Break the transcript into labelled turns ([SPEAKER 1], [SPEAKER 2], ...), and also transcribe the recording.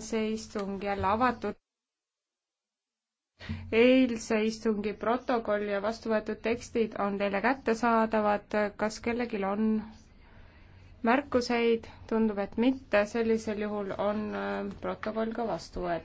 [SPEAKER 1] see istung jälle avatud. eilse istungi protokoll ja vastu võetud tekstid on teile kättesaadavad, kas kellelgi on märkuseid, tundub, et mitte, sellisel juhul on
[SPEAKER 2] äh, protokoll ka vastu võetud.